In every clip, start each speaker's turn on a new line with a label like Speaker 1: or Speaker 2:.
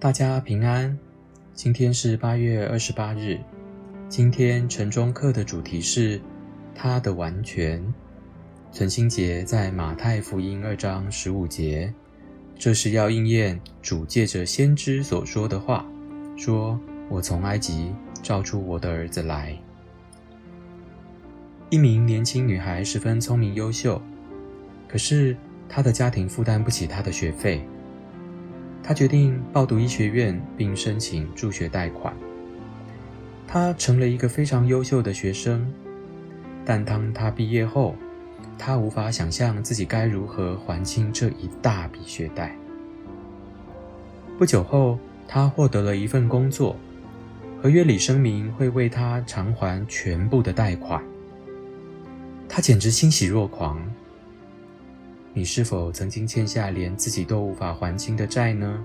Speaker 1: 大家平安，今天是八月二十八日。今天晨鐘課的主題是祂的完全。存心節在馬太福音二章十五節，這是要應驗主借着先知所說的話：“說我從埃及召出我的兒子來。”一名年輕女孩十分聰明優秀，可是她的家庭負擔不起她的學費。他決定報讀醫學院，並申請助學貸款。他成了一個非常優秀的學生，但當他畢業後，他無法想象自己該如何還清這一大筆學貸。不久後，他獲得了一份工作，合約裡聲明會為他償還全部的貸款。他簡直欣喜若狂。你是否曾經欠下連自己都無法還清的債呢？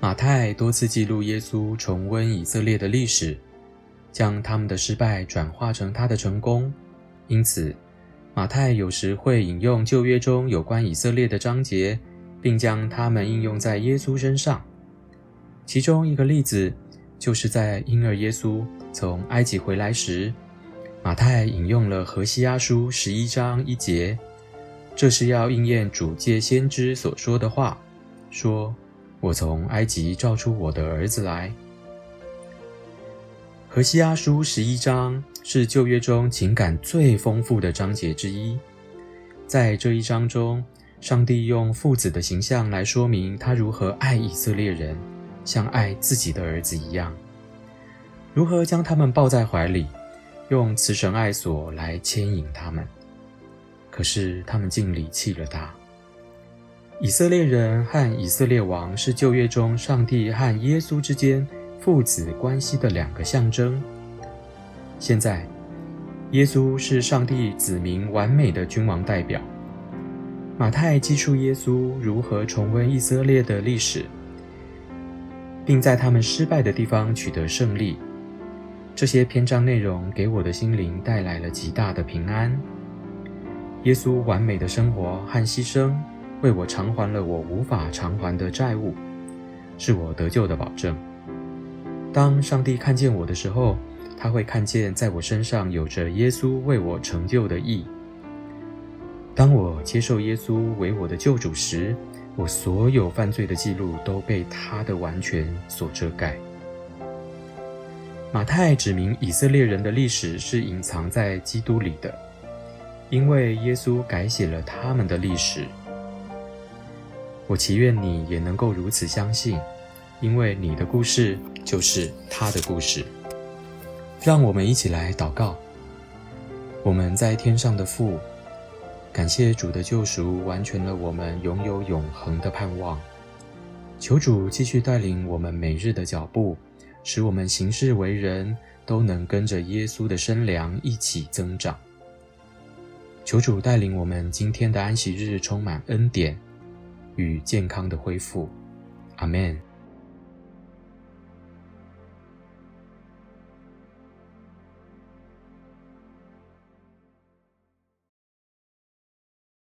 Speaker 1: 馬太多次記錄耶穌重溫以色列的歷史，將他們的失敗轉化成他的成功。因此，馬太有時會引用舊約中有關以色列的章節，並將它們應用在耶穌身上。其中一個例子，就是在嬰兒耶穌從埃及回來時，馬太引用了何西阿書十一章一節。這是要應驗主藉先知所說的話，說：“我從埃及召出我的兒子來。”何西阿書十一章是舊約中情感最豐富的章節之一，在這一章中，上帝用父子的形象來說明他如何愛以色列人，像愛自己的兒子一樣，如何將他們抱在懷裡，用慈繩愛索來牽引他們。可是他們竟離棄了他。以色列人和以色列王是舊約中上帝和耶穌之間父子關係的兩個象徵。現在，耶穌是上帝子民完美的君王代表。馬太記述耶穌如何重溫以色列的歷史，並在他們失敗的地方取得勝利。這些篇章內容給我的心靈帶來了極大的平安。耶穌完美的生活和犧牲，為我償還了我無法償還的債務，是我得救的保證。當上帝看見我的時候，他會看見在我身上有着耶穌為我成就的義。當我接受耶穌為我的救主時，我所有犯罪的記錄都被他的完全所遮蓋。馬太指明以色列人的歷史是隱藏在基督裡的。因為耶穌改寫了他們的歷史，我祈願你也能夠如此相信，因為你的故事就是他的故事。讓我們一起來禱告：我們在天上的父，感謝主的救贖，完全了我們擁有永恆的盼望。求主繼續帶領我們每日的腳步，使我們行事為人，都能跟着耶穌的身量一起增長。求主帶領我們今天的安息日充滿恩典與健康的恢復，阿們。